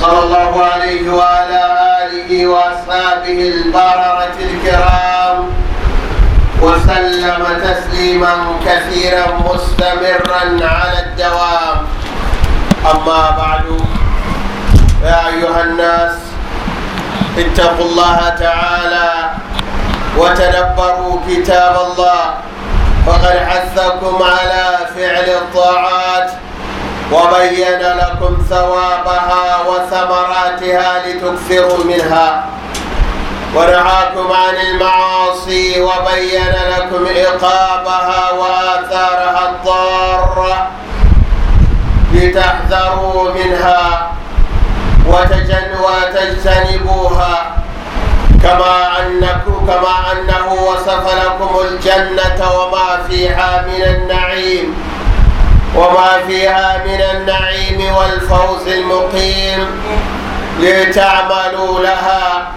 صلى الله عليه وعلى آله وأصحابه البررة الكرام وسلم تسليما كثيرا مستمرا على الدوام أما بعد يا أيها الناس اتقوا الله تعالى وتدبروا كتاب الله فقد حثكم على فعل الطاعات وبين لكم ثوابها وثمراتها لتكثروا منها ونهاكم عن المعاصي وبين لكم عقابها وآثارها الضارة لتحذروا منها وتجتنبوها كما أنكم كما أنه وصف لكم الجنة وما فيها من النار وما فيها من النعيم والفوز المقيم لتعملوا لها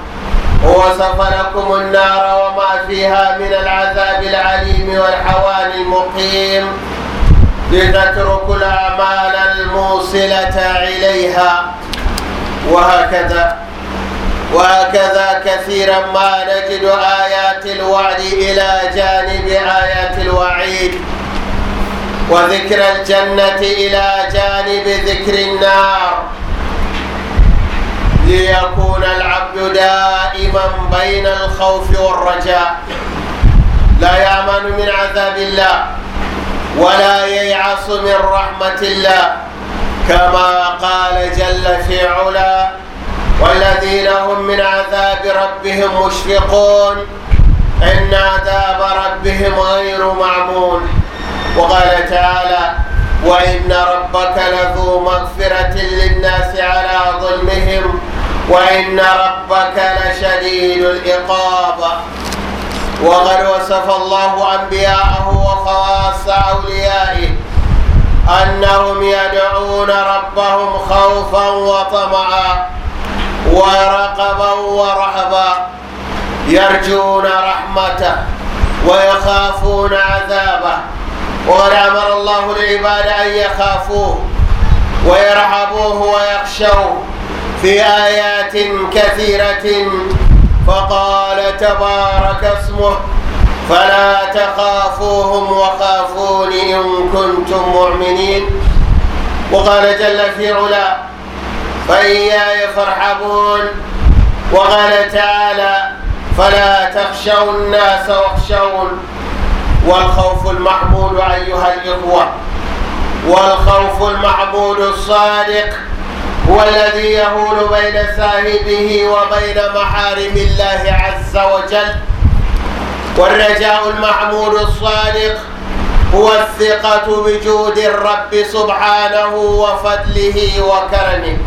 ووصف لكم النار وما فيها من العذاب العليم والحوان المقيم لتتركوا الأعمال الموصلة إليها وهكذا وهكذا كثيرا ما نجد آيات الوعد إلى جانب آيات الوعيد وذكر الجنة إلى جانب ذكر النار ليكون العبد دائما بين الخوف والرجاء لا يأمن من عذاب الله ولا ييعص من رحمة الله كما قال جل في علا والذين هم من عذاب ربهم مشفقون إن عذاب ربهم غير معمون وقال تعالى وإن ربك لذو مغفرة للناس على ظلمهم وإن ربك لشديد العقاب وقد وصف الله أنبياءه وخواص أوليائه أنهم يدعون ربهم خوفا وطمعا ورقبا ورهبا يرجون رحمته ويخافون عذابه وقد امر الله العباد ان يخافوه ويرهبوه ويخشوه في ايات كثيره فقال تبارك اسمه فلا تخافوهم وخافون إن كنتم مؤمنين وقال جل في علا فإياي فارحبون وقال تعالى فلا تخشوا الناس واخشون والخوف المعبود أيها الإخوة والخوف المعبود الصادق هو الذي يهول بين ساهده وبين محارم الله عز وجل والرجاء المعمول الصادق هو الثقة بجود الرب سبحانه وفضله وكرمه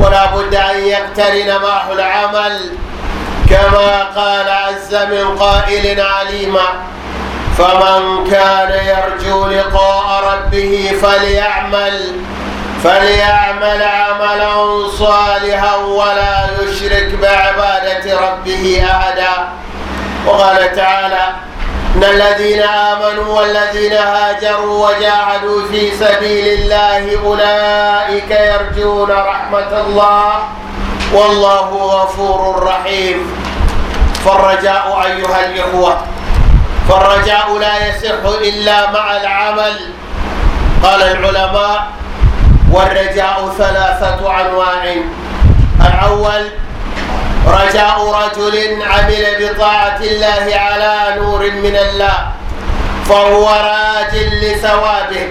ولا بد أن يقترن معه العمل كما قال عز من قائل عليما فمن كان يرجو لقاء ربه فليعمل فليعمل عملا صالحا ولا يشرك بعبادة ربه أحدا وقال تعالى إن الذين آمنوا والذين هاجروا وجاهدوا في سبيل الله أولئك يرجون رحمة الله والله غفور رحيم فالرجاء أيها الإخوة فالرجاء لا يصح إلا مع العمل قال العلماء والرجاء ثلاثة أنواع الأول رجاء رجل عمل بطاعة الله على نور من الله فهو راج لثوابه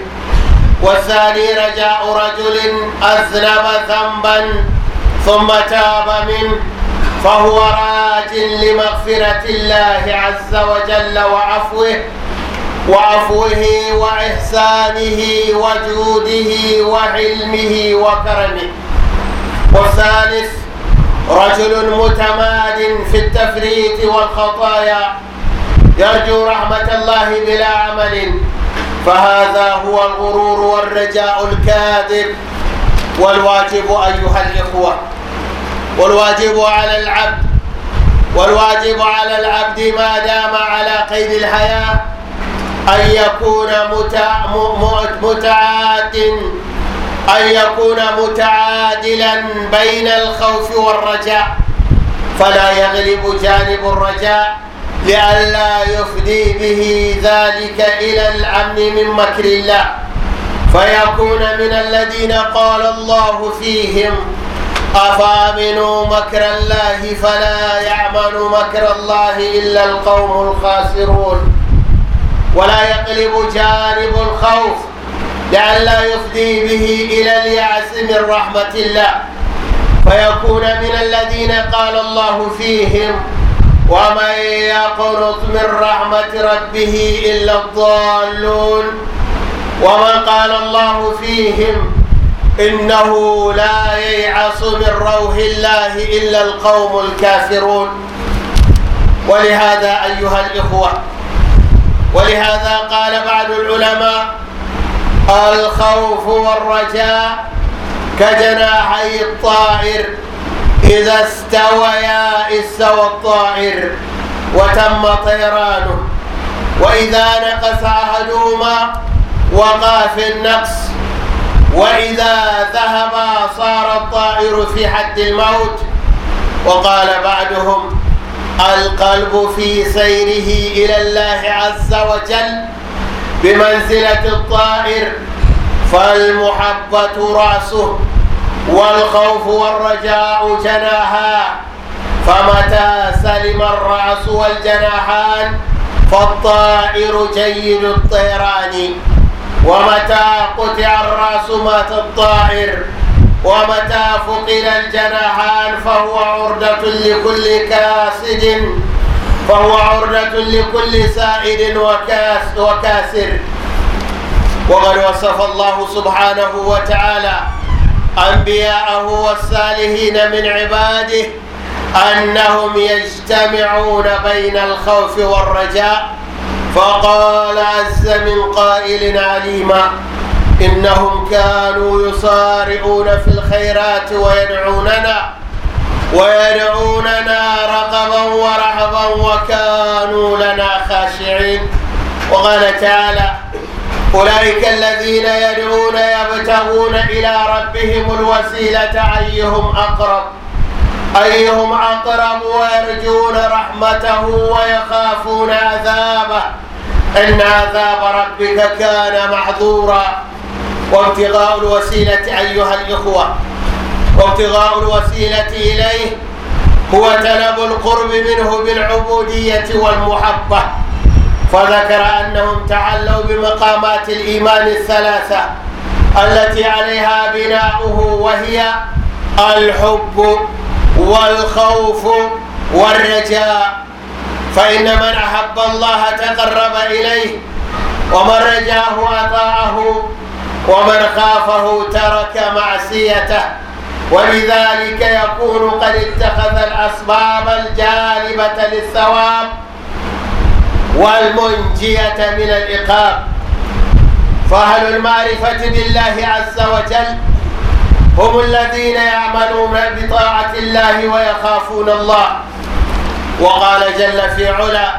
والثاني رجاء رجل أذنب ذنبا ثم تاب منه فهو راج لمغفرة الله عز وجل وعفوه وعفوه وإحسانه وجوده وعلمه وكرمه والثالث رجل متماد في التفريط والخطايا يرجو رحمة الله بلا عمل فهذا هو الغرور والرجاء الكاذب والواجب أيها الإخوة والواجب على العبد والواجب على العبد ما دام على قيد الحياة أن يكون متعاد أن يكون متعادلا بين الخوف والرجاء فلا يغلب جانب الرجاء لئلا يفدي به ذلك إلى الأمن من مكر الله فيكون من الذين قال الله فيهم أفامنوا مكر الله فلا يعمل مكر الله إلا القوم الخاسرون ولا يقلب جانب الخوف لئلا يفضي به إلى اليأس من رحمة الله فيكون من الذين قال الله فيهم ومن يقنط من رحمة ربه إلا الضالون ومن قال الله فيهم إنه لا ييعص من روح الله إلا القوم الكافرون ولهذا أيها الإخوة ولهذا قال بعض العلماء الخوف والرجاء كجناحي الطائر إذا استويا استوى الطائر وتم طيرانه وإذا نقص أحدهما وقع في النقص وإذا ذهب صار الطائر في حد الموت وقال بعدهم القلب في سيره إلى الله عز وجل بمنزلة الطائر فالمحبة رأسه والخوف والرجاء جناها فمتى سلم الرأس والجناحان فالطائر جيد الطيران ومتى قطع الراس مات الطائر ومتى فقل الجناحان فهو عردة لكل كاسد فهو عردة لكل سائد وكاس وكاسر وقد وصف الله سبحانه وتعالى أنبياءه والصالحين من عباده أنهم يجتمعون بين الخوف والرجاء فقال عز من قائل عليما إنهم كانوا يصارعون في الخيرات ويدعوننا ويدعوننا رغبا ورهبا وكانوا لنا خاشعين وقال تعالى أولئك الذين يدعون يبتغون إلى ربهم الوسيلة أيهم أقرب أيهم أقرب ويرجون رحمته ويخافون عذابه إن عذاب ربك كان محذورا وابتغاء الوسيلة أيها الإخوة وابتغاء الوسيلة إليه هو تلب القرب منه بالعبودية والمحبة فذكر أنهم تعلوا بمقامات الإيمان الثلاثة التي عليها بناؤه وهي الحب والخوف والرجاء فإن من أحب الله تقرب إليه ومن رجاه أطاعه ومن خافه ترك معصيته ولذلك يكون قد اتخذ الأسباب الجالبة للثواب والمنجية من العقاب فأهل المعرفة بالله عز وجل هم الذين يعملون بطاعة الله ويخافون الله وقال جل في علا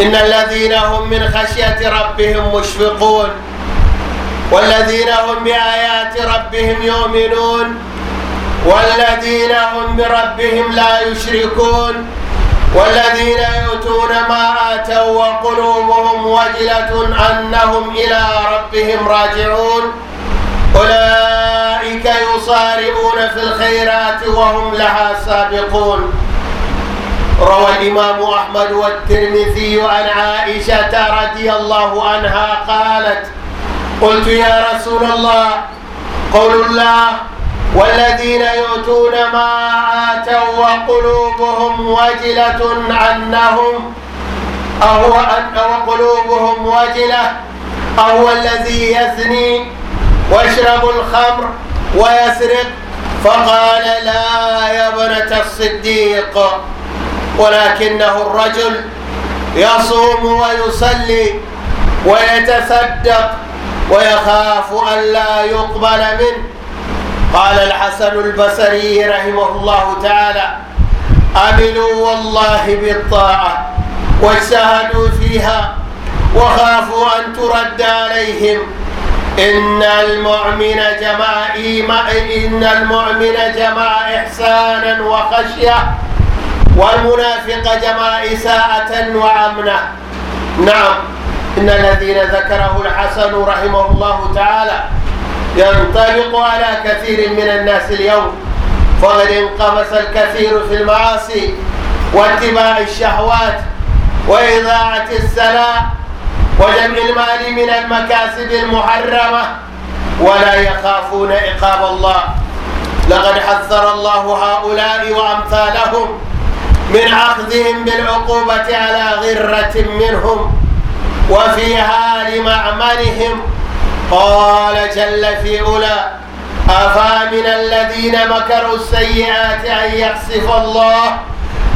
إن الذين هم من خشية ربهم مشفقون والذين هم بآيات ربهم يؤمنون والذين هم بربهم لا يشركون والذين يؤتون ما آتوا وقلوبهم وجلة أنهم إلى ربهم راجعون أولئك يصارعون في الخيرات وهم لها سابقون روى الإمام أحمد والترمذي عن عائشة رضي الله عنها قالت قلت يا رسول الله قول الله والذين يؤتون ما آتوا وقلوبهم وجلة أنهم أهو أن وقلوبهم وجلة أهو الذي يزني واشربوا الخمر ويسرق فقال لا يا ابنة الصديق ولكنه الرجل يصوم ويصلي ويتصدق ويخاف أن لا يقبل منه قال الحسن البصري رحمه الله تعالى أمنوا والله بالطاعة واجتهدوا فيها وخافوا أن ترد عليهم إن المؤمن جمع إيمان إن المؤمن جمع إحسانا وخشية والمنافق جمع إساءة وأمنا نعم إن الذين ذكره الحسن رحمه الله تعالى ينطبق على كثير من الناس اليوم فقد انقمس الكثير في المعاصي واتباع الشهوات وإذاعة السلام وجمع المال من المكاسب المحرمة ولا يخافون عقاب الله لقد حذر الله هؤلاء وأمثالهم من أخذهم بالعقوبة على غرة منهم وفيها لمعملهم قال جل في أولى أفامن الذين مكروا السيئات أن يخسف الله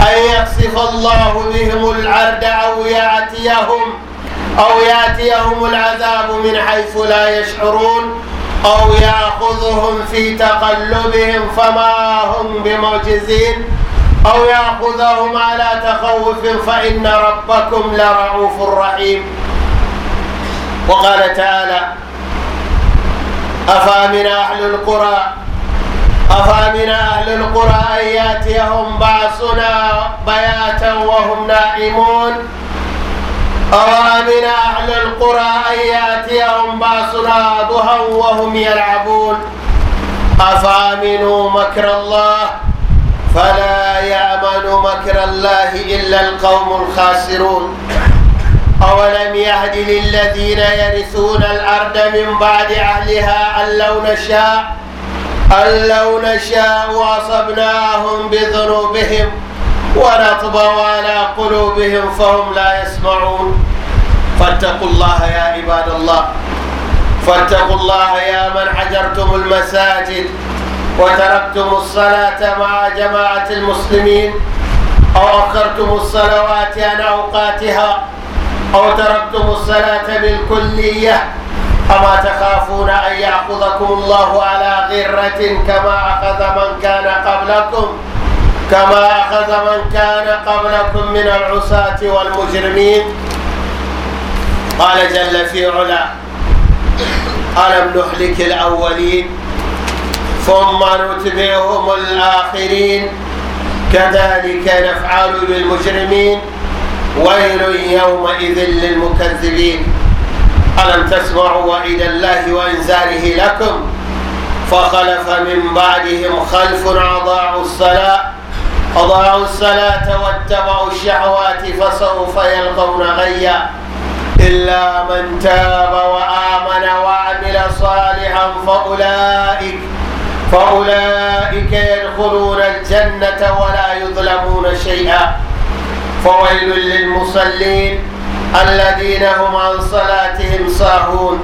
أن يخسف الله بهم العرض أو يأتيهم أو يأتيهم العذاب من حيث لا يشعرون أو يأخذهم في تقلبهم فما هم بمعجزين أو يأخذهم على تخوف فإن ربكم لرعوف رحيم وقال تعالى أفامن أهل القرى أفامن أهل القرى أن يأتيهم بعثنا بياتا وهم نائمون أوامن أهل القرى أن يأتيهم باسنا ضحى وهم يلعبون أفامنوا مكر الله فلا يأمن مكر الله إلا القوم الخاسرون أولم يهد للذين يرثون الأرض من بعد أهلها أن لو نشاء أن لو نشاء وأصبناهم بذنوبهم ونطبع على قلوبهم فهم لا يسمعون فاتقوا الله يا عباد الله فاتقوا الله يا من حجرتم المساجد وتركتم الصلاة مع جماعة المسلمين أو أخرتم الصلوات عن أوقاتها أو تركتم الصلاة بالكلية أما تخافون أن يأخذكم الله على غرة كما أخذ من كان قبلكم؟ كما أخذ من كان قبلكم من العصاة والمجرمين قال جل في علا ألم نهلك الأولين ثم نتبعهم الآخرين كذلك نفعل بالمجرمين ويل يومئذ للمكذبين ألم تسمعوا وإلى الله وإنزاله لكم فخلف من بعدهم خلف أضاعوا الصلاة أضاعوا الصلاة واتبعوا الشهوات فسوف يلقون غيا إلا من تاب وآمن وعمل صالحا فأولئك فأولئك يدخلون الجنة ولا يظلمون شيئا فويل للمصلين الذين هم عن صلاتهم ساهون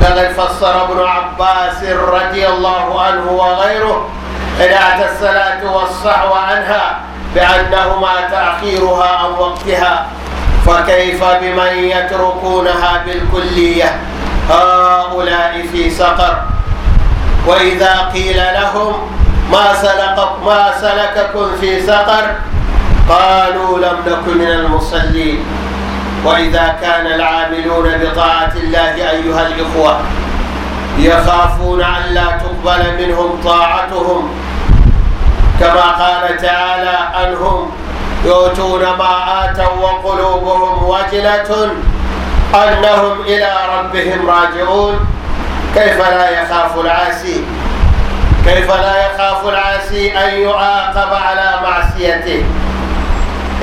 لقد فسر ابن عباس رضي الله عنه وغيره نعت الصلاة والصحو عنها بأنهما تأخيرها عن وقتها فكيف بمن يتركونها بالكلية هؤلاء في سقر وإذا قيل لهم ما سلك ما سلككم في سقر قالوا لم نكن من المصلين وإذا كان العاملون بطاعة الله أيها الإخوة يخافون أن لا تقبل منهم طاعتهم كما قال تعالى عنهم يؤتون ما آتوا وقلوبهم وجلة أنهم إلى ربهم راجعون كيف لا يخاف العاسي كيف لا يخاف العاسي أن يعاقب على معصيته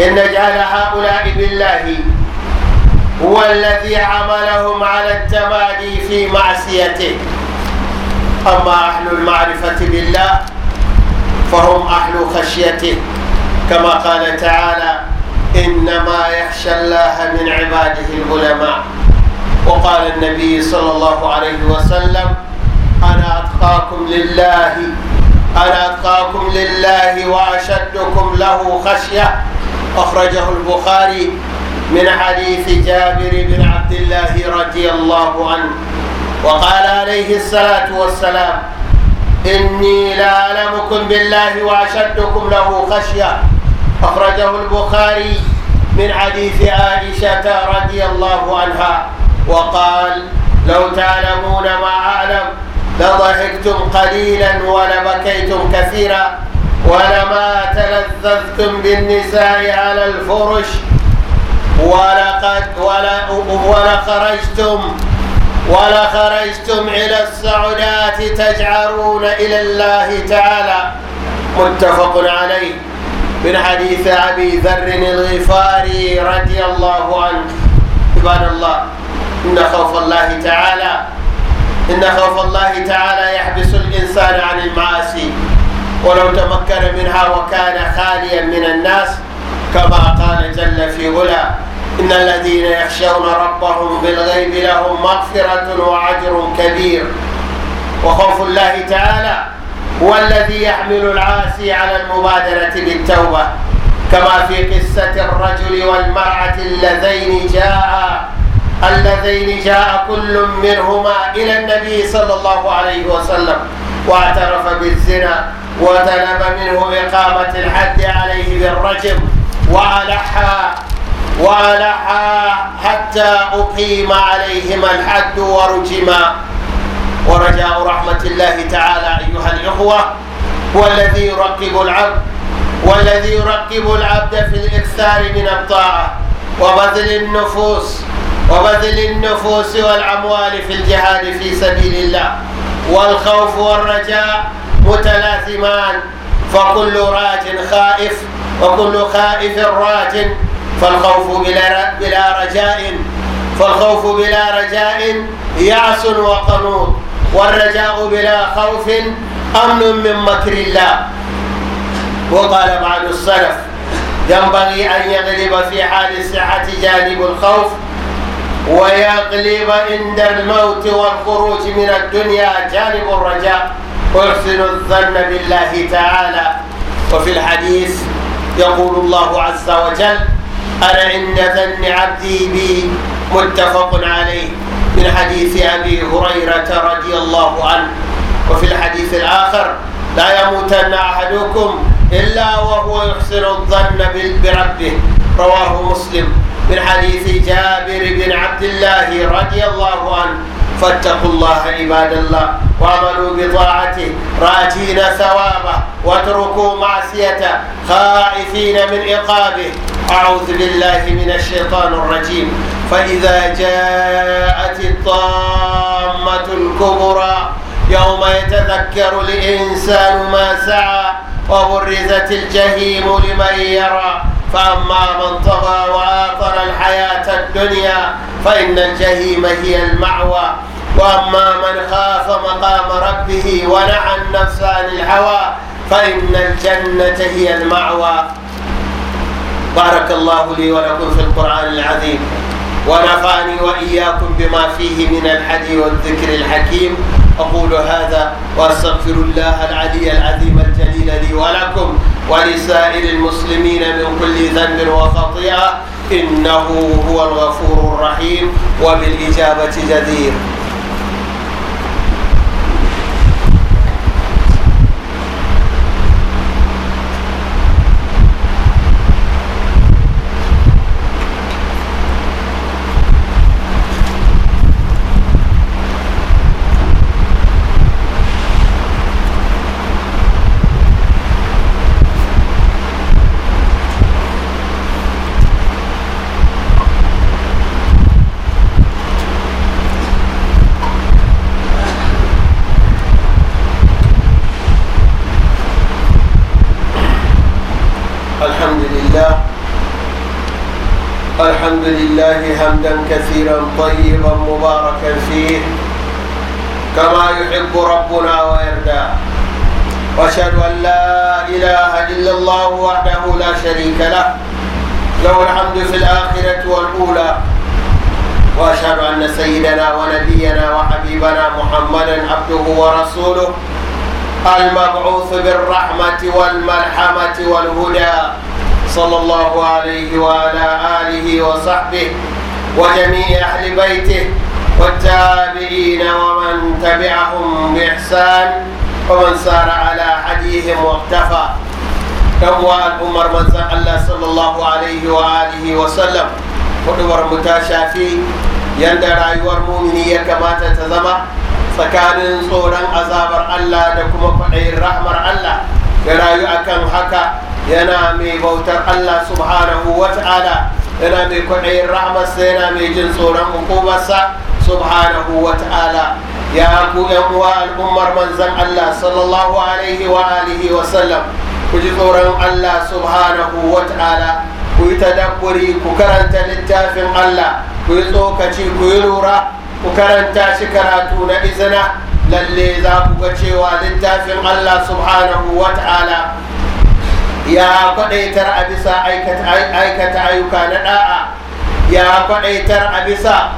إن جعل هؤلاء بالله هو الذي عملهم على التمادي في معصيته أما أهل المعرفة بالله فهم أهل خشيته كما قال تعالى إنما يخشى الله من عباده العلماء وقال النبي صلى الله عليه وسلم أنا أتقاكم لله أنا أتقاكم لله وأشدكم له خشية أخرجه البخاري من حديث جابر بن عبد الله رضي الله عنه وقال عليه الصلاة والسلام إني لأعلمكم بالله وأشدكم له خشية أخرجه البخاري من حديث عائشة رضي الله عنها وقال لو تعلمون ما أعلم لضحكتم قليلا ولبكيتم كثيرا ولما تلذذتم بالنساء على الفرش ولقد ولخرجتم ولخرجتم إلى السعدات تجعرون إلى الله تعالى متفق عليه من حديث أبي ذر الغفاري رضي الله عنه عباد الله إن خوف الله تعالى إن خوف الله تعالى يحبس الإنسان عن المعاصي ولو تمكن منها وكان خاليا من الناس كما قال جل في علا إن الذين يخشون ربهم بالغيب لهم مغفرة وعجر كبير وخوف الله تعالى هو الذي يحمل العاصي على المبادرة بالتوبة كما في قصة الرجل والمرأة اللذين جاء اللذين جاء كل منهما إلى النبي صلى الله عليه وسلم واعترف بالزنا وطلب منه إقامة الحد عليه بالرجم وألحى وعلعا حتى أقيم عليهما الحد ورجما ورجاء رحمة الله تعالى أيها الإخوة هو الذي يرقب العبد والذي يرقب العبد في الإكثار من الطاعة وبذل النفوس وبذل النفوس والأموال في الجهاد في سبيل الله والخوف والرجاء متلازمان فكل راج خائف وكل خائف راج فالخوف بلا بلا رجاء فالخوف بلا رجاء يأس وقنوط والرجاء بلا خوف أمن من مكر الله وقال بعض السلف ينبغي أن يغلب في حال الصحة جانب الخوف ويغلب عند الموت والخروج من الدنيا جانب الرجاء ويحسن الظن بالله تعالى وفي الحديث يقول الله عز وجل أنا عند ذن عبدي بي متفق عليه من حديث أبي هريرة رضي الله عنه وفي الحديث الآخر لا يموتن أحدكم إلا وهو يحسن الظن بربه رواه مسلم من حديث جابر بن عبد الله رضي الله عنه فاتقوا الله عباد الله وعملوا بطاعته راجين ثوابه واتركوا معصيته خائفين من عقابه أعوذ بالله من الشيطان الرجيم فإذا جاءت الطامة الكبرى يوم يتذكر الإنسان ما سعى وبرزت الجحيم لمن يرى فأما من طغى وآثر الحياة الدنيا فإن الجحيم هي المعوى وأما من خاف مقام ربه ونعى النفس عن الهوى فإن الجنة هي المعوى بارك الله لي ولكم في القرآن العظيم ونفعني وإياكم بما فيه من الحدي والذكر الحكيم أقول هذا وأستغفر الله العلي العظيم الجليل لي ولكم ولسائر المسلمين من كل ذنب وخطيئة إنه هو الغفور الرحيم وبالإجابة جدير الحمد لله حمدا كثيرا طيبا مباركا فيه كما يحب ربنا ويرضى واشهد ان لا اله الا الله وحده لا شريك له له الحمد في الاخره والاولى واشهد ان سيدنا ونبينا وحبيبنا محمدا عبده ورسوله المبعوث بالرحمه والملحمه والهدى صلى الله عليه وعلى آله وصحبه وجميع أهل بيته والتابعين ومن تبعهم بإحسان ومن سار على هديهم واقتفى يوم الأمر من الله صلى الله عليه وآله وسلم ودور متشافي يندر rayuwar mumini ya kamata ta zama tsakanin tsoron azabar Allah da kuma kwaɗayin rahmar Allah yana mai bautar Allah subhanahu wa ta'ala yana mai kwaɗayin rahmarsa yana mai jin tsoron hukumarsa subhanahu wa ta'ala ya ku yan uwa al'ummar manzan Allah sallallahu alaihi wa alihi wa sallam ku ji tsoron Allah subhanahu wa ta'ala ku yi tadabburi ku karanta littafin Allah ku yi tsokaci ku yi lura ku karanta shi karatu na izina lalle za ku ga cewa littafin Allah subhanahu wa ta'ala ya kwadaitar a bisa aikata ayyuka na da'a ya kwadaitar a bisa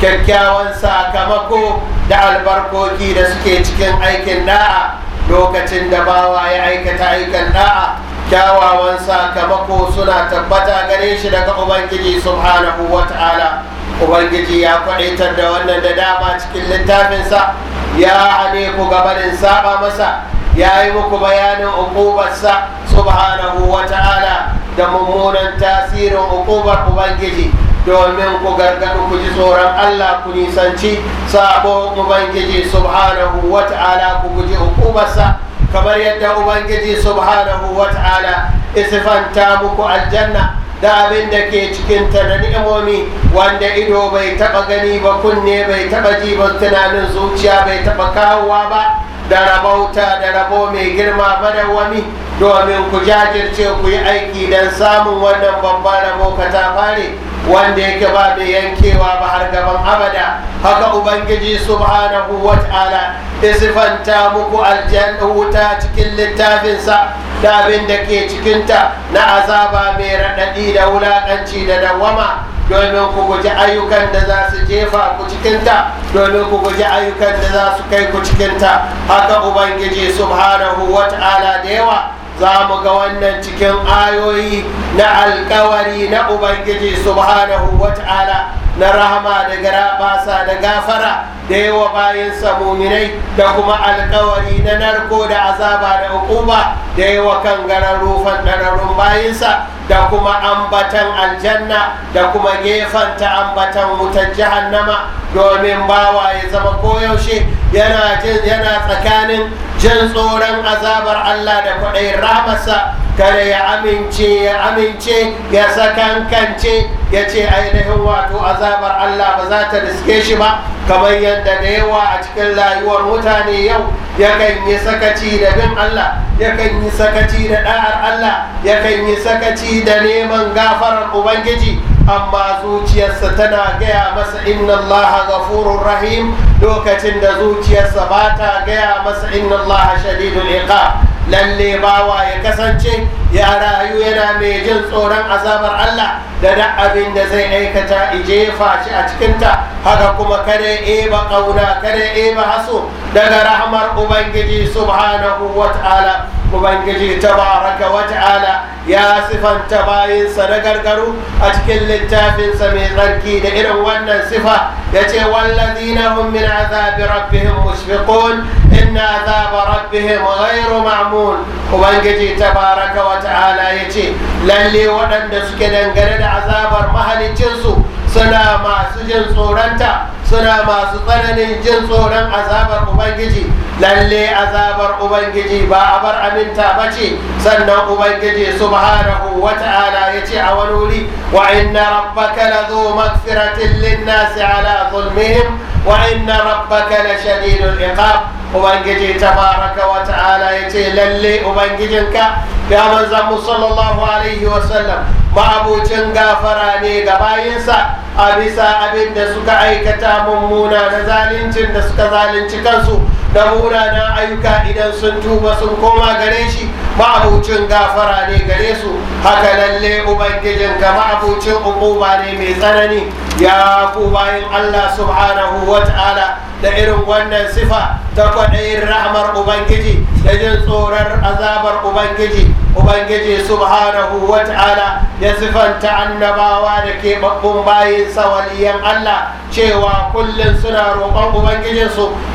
kyakkyawan sakamako da albarkoki da suke cikin aikin da'a lokacin da bawa ya aikata aikin da'a kyawawan sakamako suna tabbata gare shi daga ubangiji subhanahu wa ta'ala ubangiji ya kwadaitar da wannan da dama cikin littafinsa ya hane ku gabanin saba masa ya yi muku bayanin ukubarsa subhanahu wa ta'ala da mummunan tasirin ukubar ubangiji domin ku gargaɗu ku ji tsoron Allah ku nisanci sabo ubangiji subhanahu wa ta'ala ku guji ukubarsa kamar yadda ubangiji subhanahu wa ta'ala isifanta muku aljanna da abin da ke cikin ta na ni'imomi wanda ido bai taba gani ba kunne bai taba ji ba tunanin zuciya bai taba kawowa ba da rabauta da rabo mai girma ba wani domin ku jajirce ku yi aiki don samun wannan babban rabo ka ta fare wanda yake ba mai yankewa ba har gaban abada haka ubangiji subhanahu wa ta'ala sifanta muku aljanna wuta cikin littafinsa da abin da ke cikinta na azaba mai raɗaɗi da wulaƙanci da dawwama domin ku guji ayyukan da za su jefa ku cikinta domin ku guji ayyukan da za su kai ku cikinta haka ubangiji subhanahu wa ta'ala da yawa za mu ga wannan cikin ayoyi na alkawari na ubangiji subhanahu wa ta'ala na rahama da gara basa da gafara da yawa bayan samuminai da kuma alkawari na narko da azaba da hukuma da yawa kan gararrufan ɗararrun bayansa da kuma ambatan aljanna da kuma gefanta ambatan wutar jahannama domin bawa ya zama koyaushe yana tsakanin jin tsoron azabar allah da kwaɗayin rahamarsa kare ya amince ya amince ya sakankance ya ce ainihin wato azabar Allah ba za ta riske shi ba kamar yadda da yawa a cikin rayuwar mutane yau ya kan yi sakaci da bin Allah ya kan yi sakaci da da'ar Allah ya kan yi sakaci da neman gafarar Ubangiji amma zuciyarsa tana gaya masa inna Allah ghafurur rahim lokacin da zuciyarsa ba ta gaya masa inna Allah shadidul iqab lalle bawa ya kasance ya rayu yana mai jin tsoron azabar Allah da da abin da zai aikata ijefa shi a cikinta haka kuma kada eba kauna kada eba haso daga rahmar ubangiji subhanahu wa ta'ala ubangiji tabaraka wa ta'ala ya sifanta bayansa na gargaru a cikin littafinsa mai tsarki da irin wannan sifa ya ce wallazina hum min azabi rabbihim mushfiqun inna azaba rabbihim ghairu ma'mun ubangiji tabaraka wa ta'ala ya ce lalle waɗanda suke dangane da azabar mahaliccinsu suna masu jin tsoronta suna masu tsananin jin tsoron azabar ubangiji lalle azabar ubangiji ba a bar aminta ba ce sannan ubangiji subhanahu wa ta'ala ya ce a wani wuri wa inna rabbaka la zu magfiratin linnasi ala zulmihim wa inna rabbaka la shadidul iqab ubangiji tabaraka wa ta'ala ya ce lalle ubangijinka ya manzan mu sallallahu alaihi wa sallam wasallam ma'abucin gafara ne ga bayinsa a bisa abin da suka aikata mummuna na zalincin da suka zalunci kansu da munana ayyuka idan sun tuba sun koma gare shi ma'abucin gafara ne gare su haka lalle ubangijin ka ma'abucin ukuba ne mai tsanani ya ku bayan allah subhanahu wa ta'ala تعرف وان صفة تقول اي الرحمة وبنكجي تجل صورة عذاب وبنكجي وبنكجي سبحانه وتعالى يصفا تعنبا وانك مقبوم باي سواليام الله شيوا كل سنة رقم وبنكجي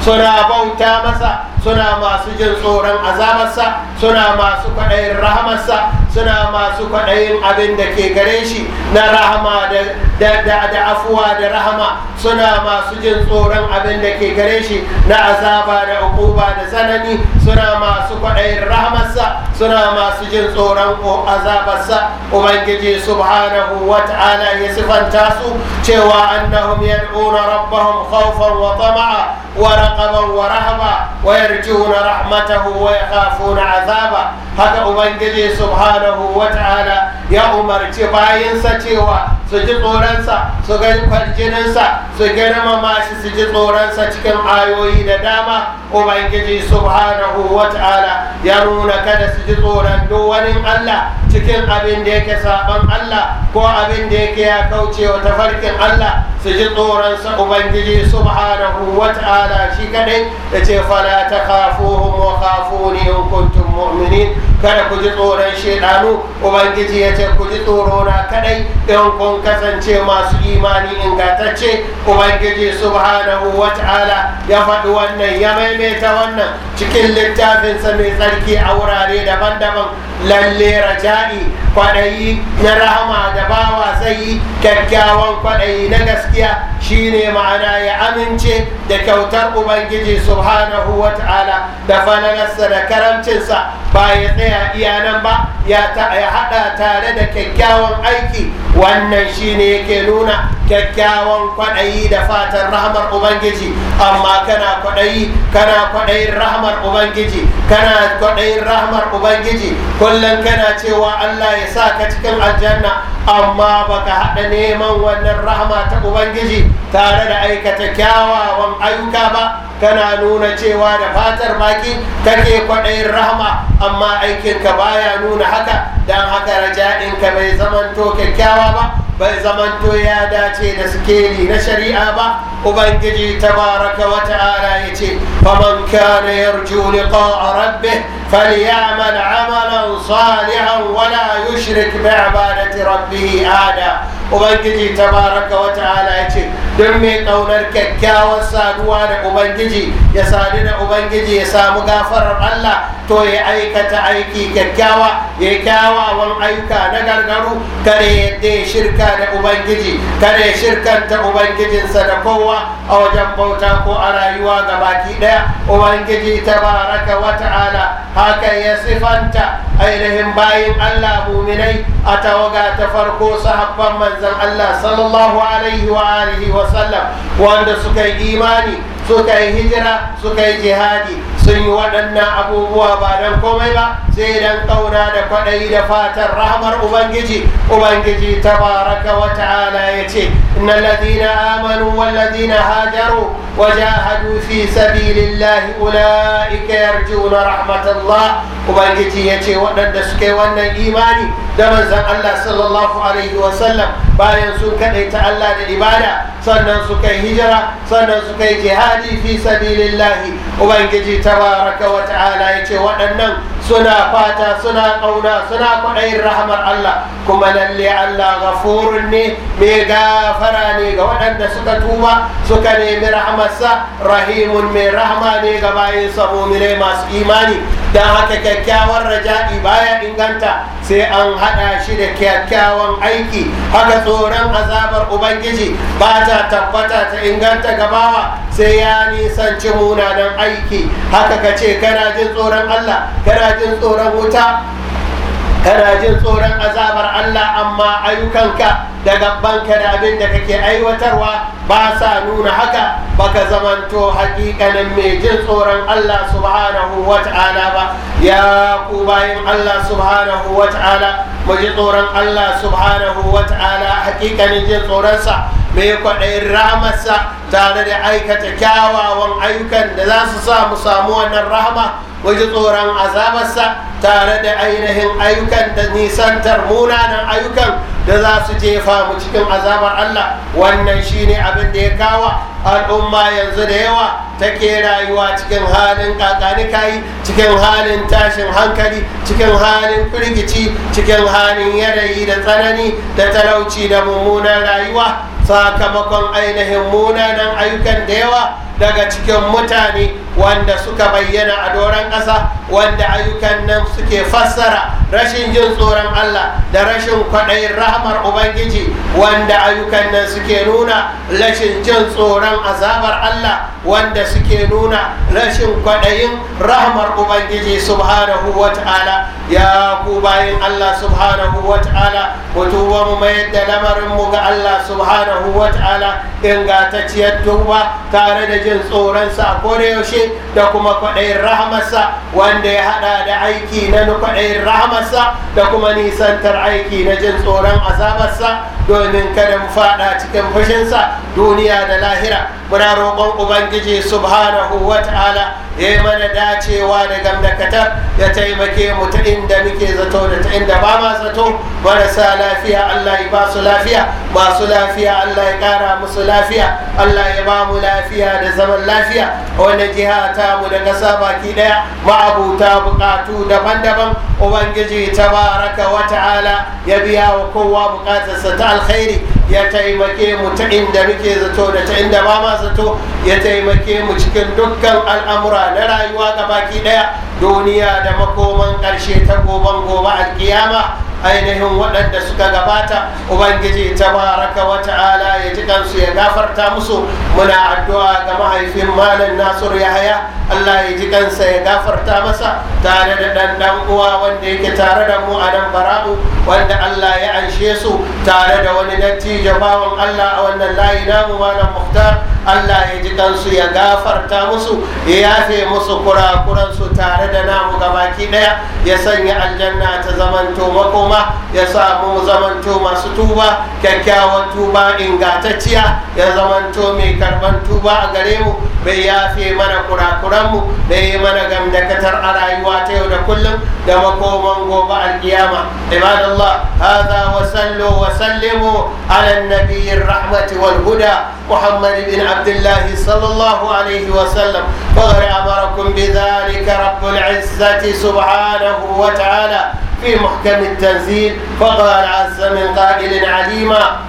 سنة بوتا مسا suna masu jin tsoron azabarsa suna masu kwaɗayin rahamarsa suna masu kwaɗayin abin da ke gare shi na rahama da afuwa da rahama suna masu jin tsoron abin da ke gare shi na azaba da ukuba da tsanani suna masu kwaɗayin rahamarsa suna masu jin tsoron azabarsa ubangiji subhanahu wa ta'ala ya sifanta su cewa annahum yad'una rabbahum khawfan wa tama'a wa raqaban wa rahaba wa يرجون رحمته ويخافون عذابه هذا أبنجلي سبحانه وتعالى يا عمر تباين ستيوا سجد طورنسا سجد فرجنسا سجد مماش سجد طورنسا تكم آيوهي داما أبنجلي سبحانه وتعالى يرون كذا سجد طورن دوان الله cikin abin da yake saban Allah ko abin da yake ya kauce wa tafarkin Allah su ji tsoron sa ubangiji subhanahu wa ta'ala shi kadai da ce fala ta kafuhum wa kafuni in kuntum mu'minin kada ku ji tsoron shedanu ubangiji ya ce ku ji tsoro na kadai in kun kasance masu imani ingantacce ubangiji subhanahu wa ta'ala ya faɗi wannan ya maimaita wannan cikin littafinsa mai tsarki a wurare daban-daban lalle raja ihsani kwaɗayi na rahama da bawa zai yi kyakkyawan kwaɗayi na gaskiya shine ma'ana ya amince da kyautar ubangiji subhanahu wa ta'ala da falalarsa da karamcinsa ba ya tsaya iyanan ba ya haɗa tare da kyakkyawan aiki wannan shine yake nuna kyakkyawan kwaɗayi da fatan rahmar ubangiji amma kana kwaɗayi kana kwaɗayin rahmar ubangiji kana kwaɗayin rahmar ubangiji kullum kana cewa allah ya sa ka cikin aljanna amma baka haɗa neman wannan rahama ta ubangiji tare da aikata kyawawan ayyuka ba kana nuna cewa da fatar baki kake kwaɗayin rahama amma aikinka baya nuna haka don haka raja'inka bai zamanto kyakkyawa ba bai zamanto ya dace da sikeli na shari'a ba ubangiji tabaraka wa ta'ala ya ce faman kana yarju liqa'a rabbih falyamal amalan salihan wa la yushrik bi ibadati rabbih ahada ubangiji tabaraka wa ta'ala ya ce don mai ƙaunar kyakkyawar saduwa da ubangiji ya sadu da ubangiji ya samu gafarar allah to ya aikata aiki kyakkyawa ya kyawawan ayyuka na gargaru kada ya ya shirka da ubangiji kada ya shirkanta ubangijinsa da kowa a wajen bauta ko a rayuwa ga baki ɗaya ubangiji tabaraka wa ta'ala haka ya sifanta ainihin bayin allah muminai a tawaga ta farko sahabban manzan allah sallallahu alaihi wa alihi wa wasallam wanda suka yi imani suka yi hijira suka yi jihadi sun yi waɗannan abubuwa ba don komai ba sai don ƙauna da kwaɗayi da fatan rahamar ubangiji ubangiji tabaraka wa ta'ala ya ce inna ladina amanu walladina hajaru wa jahadu fi sabilillahi ulaika yarjuna rahmatallah ubangiji ya ce waɗanda suka yi wannan imani da manzon Allah sallallahu alaihi wa sallam bayan sun kaɗaita Allah da ibada sannan suka yi hijira sannan suka yi jihadi jihadi fi sabilillahi ubangiji tabaraka wa ta'ala yace waɗannan suna fata suna ƙauna suna kwaɗayin rahamar Allah kuma lalle Allah ghafurun ne mai gafara ne ga waɗanda suka tuba suka nemi rahamarsa rahimun mai rahama ne ga bayin sabo masu imani don haka kyakkyawar raja'i baya inganta sai an hada shi da kyakkyawan aiki haka tsoron azabar ubangiji ba ta tabbata ta inganta gabawa sai ya nisanci munanan aiki haka ka ce kana jin tsoron Allah kana jin tsoron wuta kana jin tsoron azabar Allah amma ayyukanka da gabanka da abin da kake aiwatarwa ba sa nuna haka baka zamanto hakikanin mai jin tsoron Allah subhanahu wa ta'ala ba ya ku bayan Allah subhanahu wa ta'ala mu ji tsoron Allah subhanahu wa ta'ala hakikanin jin tsoronsa mai kwaɗayin rahamarsa tare da aikata kyawawan ayyukan da za su sa mu samu wannan rahama waje tsoron azabarsa tare da ainihin ayyukan da nisantar munanan ayyukan da za su jefa mu cikin azabar Allah wannan shine abin da ya kawa al'umma yanzu da yawa take rayuwa cikin halin kakanikayi cikin halin tashin hankali cikin halin firgici cikin halin yanayi da tsanani da talauci da mummunan rayuwa sakamakon ainihin munanan ayyukan da yawa daga cikin mutane wanda suka bayyana a doron ƙasa wanda ayyukan nan suke fassara rashin jin tsoron Allah da rashin kwaɗayin rahamar Ubangiji wanda ayyukan nan suke nuna rashin jin tsoron azabar Allah wanda suke nuna rashin kwaɗayin rahmar ubangiji subhanahu wa ta'ala ya ku bayin allah subhanahu wa ta'ala ku tuba mu mayar da lamarinmu ga allah subhanahu wa ta'ala ingantacciyar tuba tare da jin tsoronsa ko da yaushe da kuma kwaɗayin rahmarsa wanda ya haɗa da aiki na kwaɗayin rahmarsa da kuma nisantar aiki na jin tsoron azabarsa domin kada mu faɗa cikin fushinsa duniya da lahira muna roƙon ubangiji سبحانه وتعالى ya yi mana dacewa da gamdakatar ya taimake mu ta inda muke zato da ta inda ba ma zato marasa lafiya allah ya ba su lafiya masu lafiya allah ya kara musu lafiya allah ya ba mu lafiya da zaman lafiya wannan jiha ta mu da ƙasa baki ɗaya ma'abuta buƙatu daban-daban ubangiji tabaraka wa ta'ala ya biya wa kowa buƙatarsa ta alkhairi ya taimake mu ta inda muke zato da ta inda ba ma zato ya taimake mu cikin dukkan al'amura al'amura na rayuwa gabaki daya duniya da makoman karshe ta goban gobe alkiyama ainihin waɗanda suka gabata ubangiji tabaraka wa ta'ala ya ji kansu ya gafarta musu muna addu'a ga mahaifin malam nasiru yahaya allah ya ji kansa ya gafarta masa tare da ɗan ɗan uwa wanda yake tare da mu a nan bara'u wanda allah ya anshe su tare da wani dattijo bawan allah a wannan layi namu malam muhtar Allah ya ji kansu ya gafarta musu ya yafe musu kurakuransu tare da namu gabaki daya ya sanya aljanna ta zamanto makoma ya samu zamanto masu tuba kyakkyawan tuba ingantacciya ya zamanto mai karban tuba a gare mu bai yafe mana kurakuranmu da yi mana gamdakatar a rayuwa ta yau da kullum da makoman gobe alkiyama ibadallah hadha wa sallu wa sallimu ala nabiyyin rahmati wal huda muhammad bin عبد الله صلى الله عليه وسلم وقد أمركم بذلك رب العزة سبحانه وتعالى في محكم التنزيل فقال عز من قائل عليما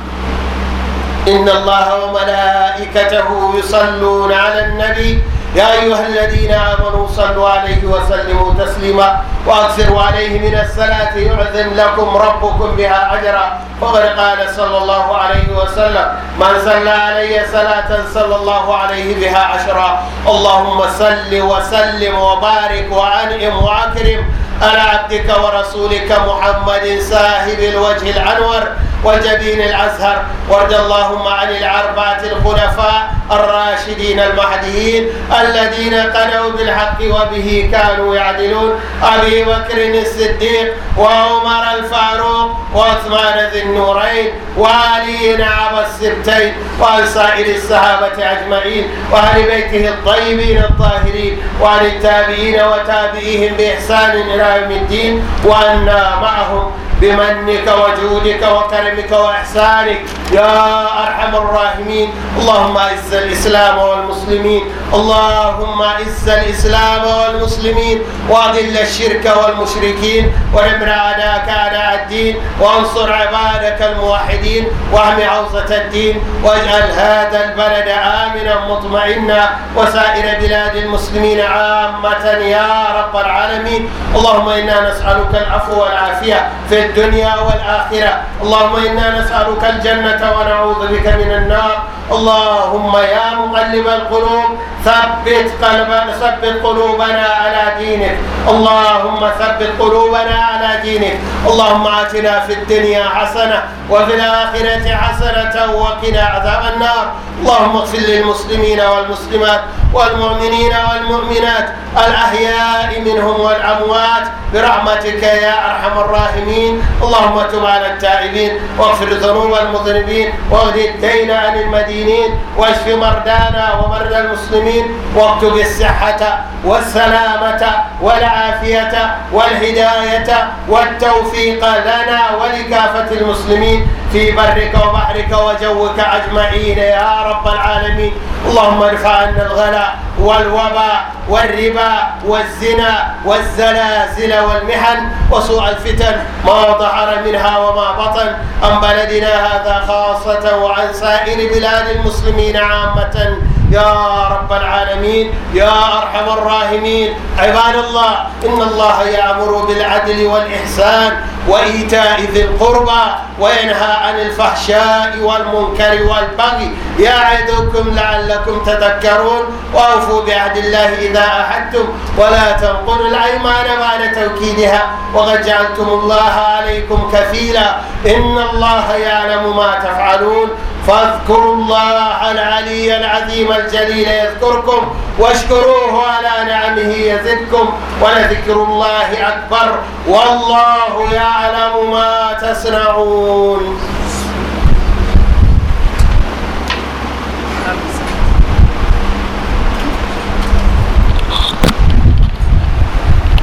إن الله وملائكته يصلون على النبي يا أيها الذين آمنوا صلوا عليه وسلموا تسليما وأكثروا عليه من الصلاة يعظم لكم ربكم بها أجرا وقد قال صلى الله عليه وسلم من صلى علي صلاة صلى الله عليه بها عشرا اللهم صل وسلم وبارك وأنعم وأكرم على عبدك ورسولك محمد صاحب الوجه الأنور وجبين الأزهر وارض اللهم عن الأربعة الخلفاء الراشدين المهديين الذين قنوا بالحق وبه كانوا يعدلون أبي بكر الصديق وعمر الفاروق وعثمان ذي النورين وعلي نعم السبتين وعن سائر الصحابة أجمعين وعن بيته الطيبين الطاهرين وعن التابعين وتابعيهم بإحسان إلى يوم الدين وأنا معهم بمنك وجودك وكرمك وإحسانك يا أرحم الراحمين اللهم أعز الإسلام والمسلمين اللهم أعز الإسلام والمسلمين وأذل الشرك والمشركين وامر أعداءك أعداء الدين وانصر عبادك الموحدين واهم عوزة الدين واجعل هذا البلد آمنا مطمئنا وسائر بلاد المسلمين عامة يا رب العالمين اللهم إنا نسألك العفو والعافية في الدنيا والآخرة اللهم إنا نسألك الجنة ونعوذ بك من النار اللهم يا مقلب القلوب ثبت قلبنا ثبت قلوبنا على دينك اللهم ثبت قلوبنا على دينك اللهم آتنا في الدنيا حسنة وفي الآخرة حسنة وقنا عذاب النار اللهم اغفر للمسلمين والمسلمات والمؤمنين والمؤمنات الأحياء منهم والأموات برحمتك يا أرحم الراحمين اللهم تب على التائبين واغفر ذنوب المذنبين واغفر الدين عن المدينة المدينين واشف مرضانا ومرضى المسلمين واكتب الصحة والسلامة والعافية والهداية والتوفيق لنا ولكافة المسلمين في برك وبحرك وجوك أجمعين يا رب العالمين اللهم ارفع عنا الغلاء والوباء والربا والزنا والزلازل والمحن وسوء الفتن ما ظهر منها وما بطن عن بلدنا هذا خاصة وعن سائر بلاد بلاد المسلمين عامة يا رب العالمين يا أرحم الراحمين عباد الله إن الله يأمر بالعدل والإحسان وإيتاء ذي القربى وينهى عن الفحشاء والمنكر والبغي يعدكم لعلكم تذكرون وأوفوا بعهد الله إذا أحدتم ولا تنقلوا الأيمان بعد توكيدها وقد جعلتم الله عليكم كفيلا إن الله يعلم ما تفعلون فاذكروا الله العلي العظيم الجليل يذكركم واشكروه على نعمه يزدكم ولذكر الله أكبر والله يعلم ما تصنعون